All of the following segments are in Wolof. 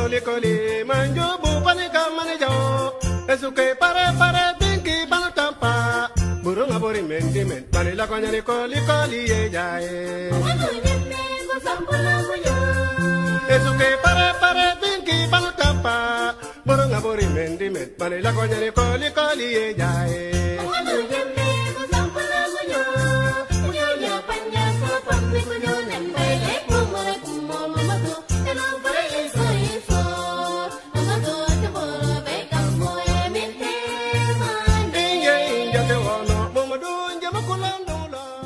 koli koli manjo bupani panika jo esuke pare pare dinki baltampa burunga bori mendi men pale la konyani koli koli ye jae esuke pare pare dinki baltampa burunga bori mendi men pale la konyani koli koli ye jae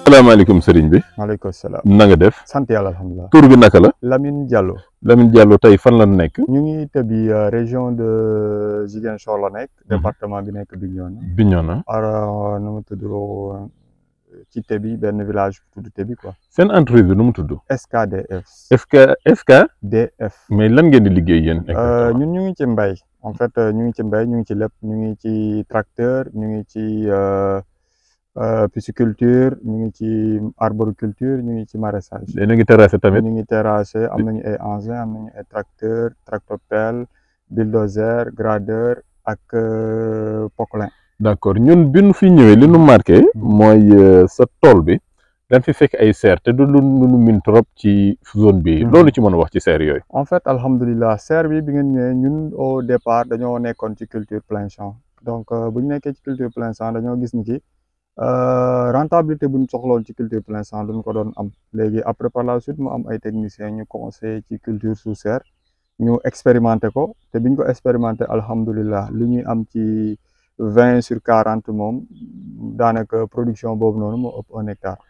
salaamaaleykum sëriñ bi. maaleykum salaam na nga def. sant yàlla alhamdulilah. tur bi naka la. Lamine Diallo. Lamine Diallo tey fan la nekk. ñu ngi tëbi euh, région de Ziguinchor la nekk. Mhm. département bi nekk Bignona. Bignona. alors nu mu tudd euh, ci tëbi benn village bu tudd tëbi quoi. seen entreprise bi nu mu tudd. SKDF. SK SKDF. mais lan ngeen di liggéey yéen. Euh, ñun ñu ngi ci mbay en fait ñu ngi ci mbay ñu ngi ci lépp ñu ngi ci tracteur ñu ngi ci. Euh, pisciculture ñu ngi ci arboriculture ñu ngi ci maraîchage. ñu ngi terrasser tamit ñu ngi terrasser am nañu ay engins am nañu ay tracteur tractopelle bulldozer gradeur ak euh, poclin. d' accord ñun bi ñu fi ñëwee li ñu marqué mooy euh, sa tool bi dañ fi fekk ay serre te du lu nu min trop ci zone bi hmm. loolu ci mën a wax ci serre yooyu. en fait alhamdulilah serre bi bi ngeen ñëwee ñun au départ dañoo nekkoon ci culture plein champ donc bu ñu nekkee ci culture plein champ dañoo gis ni ki. Euh, rentabilité bu ñu soxloon ci culture plein champ duñ ko doon am léegi après par a suite mu am ay techniciens ñu conseillé ci culture sous serre ñu expérimenté ko te biñ ko expérimenté alhamdulillah li ñuy am ci vingt sur quarante moom daanaka production boobu noonu moo ëpp un hectare.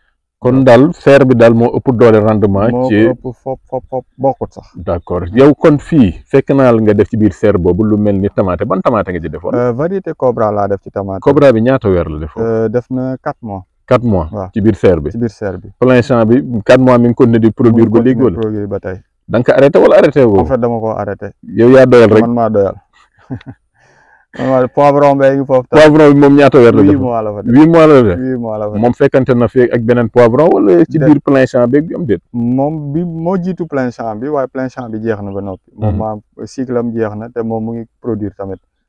kon dal fer bi dal mo upp doole rendement. ci moo ëpp fop fop fop bokut sax. d'accord yow kon fi fek naa nga def ci bir fer bobu lu melni ni ban tamaate nga ci defo euh variété Cobra la def ci tamaate. Cobra bi ñaata weer la defo euh def na 4 mois. 4 mois ci bir fer bi ci bir fer bi. plein champ bi 4 mois mi ngi ko ne di produire ba léegi produire ba tey. da nga arrêté wala arrêté woo. en fait dama ko arrêté. yow ya doyal rek man ma doyal. poivron bi moom ñaata weer la def. huit mois la fa def huit mois la fa def moom fekkante na fii ak beneen poivron wala ci biir plein champ beeg bi am déet. moom bi moo jiitu plein champ bi waaye plein champ bi jeex na ba noppi. Mhm. moom maa cycle am jeex na te moom mu ngi produire tamit.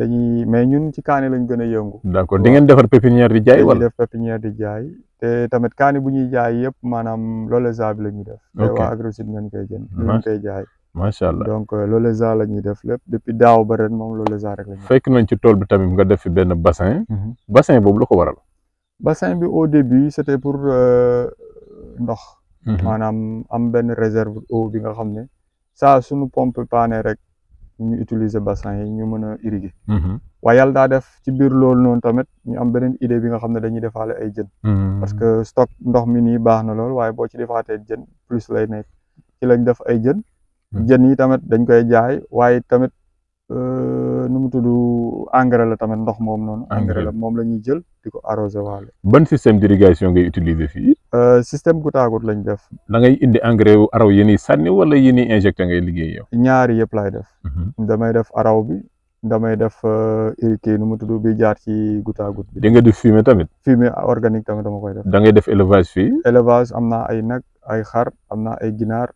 dañuy mais ñun ci kaani lañ gën a yëngu. d'accord di ngeen defar pépinière di jaay wala def pépinière di jaay te tamit kaani bu ñuy jaay yëpp maanaam lolaza bi la def. ok te waa Agri-Sud ngeen koy jënd. ñu koy jaay. macha allah donc euh, lolaza la ñuy def lépp depuis daaw ba ren moom lolaza rek la ñuy fekk nañ ci tool bi tamit nga def fi benn bassin. Mhm. bassin boobu lu ko waral. bassin bi au début c'était pour euh, ndox. Mhm. maanaam am benn réserve eau bi nga xam ne saa suñu pompe paane rek. ñu utiliser bassin yi ñu mën a irriguer. Mhm. waaye yàlla daa def ci biir loolu noonu tamit ñu am beneen idée bi nga xam ne dañuy defaale ay jën. Mhm. parce que stock ndox mi nii baax na lool waaye boo ci defaatee jën plus lay nekk ci lañ def ay jën. Mhm. jën yi tamit dañ koy jaay waaye tamit. Euh, nu mu tudd engrais la tamit ndox mom non engrais la mom lañuy jël diko arroser walé ban système d'irrigation ngay utiliser euh système goutte à lañ def. da ngay indi engrais wu araw yini sanni wala yini nii ngay liggéey yow. ñaar yépp lay def. Mhm. damay def araw bi damay def kii euh, nu mu tuddu bi jaar ci goutte à bi. da nga def fumier tamit. fumier organique tamit dama koy def. da ngay def élevage fi élevage amna ay nak ay xar amna ay ginar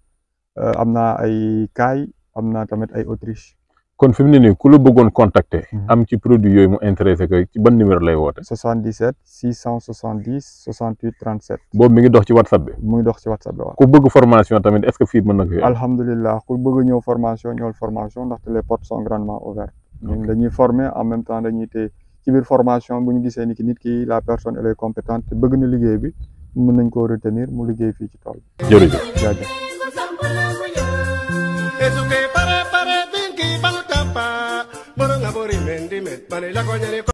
euh, amna ay kay amna tamit ay autriche. kon fi mu ne nii ku la bëggoon contacter. Mhm. am ci produit yooyu mu intéressé ko ci ban numéro lay woote. 77 670 68 37. boobu mi ngi dox ci whatsapp bi. mu ngi dox ci whatsapp bi waaw. ku bëgg formation tamit est-ce que fii mën na ko. alhamdulilah ku bëgg ñëw formation ñëwal formation ndaxte les portes sont grandement ouvertes. ñun dañuy formé en même temps dañuy téye ci biir formation bu ñu gisee ni ki nit ki la personne elle est compétente te bëgg na liggéey bi mën nañ koo retenir mu liggéey fii ci tool bi. jërëjëf jaajëf. Vale, la coña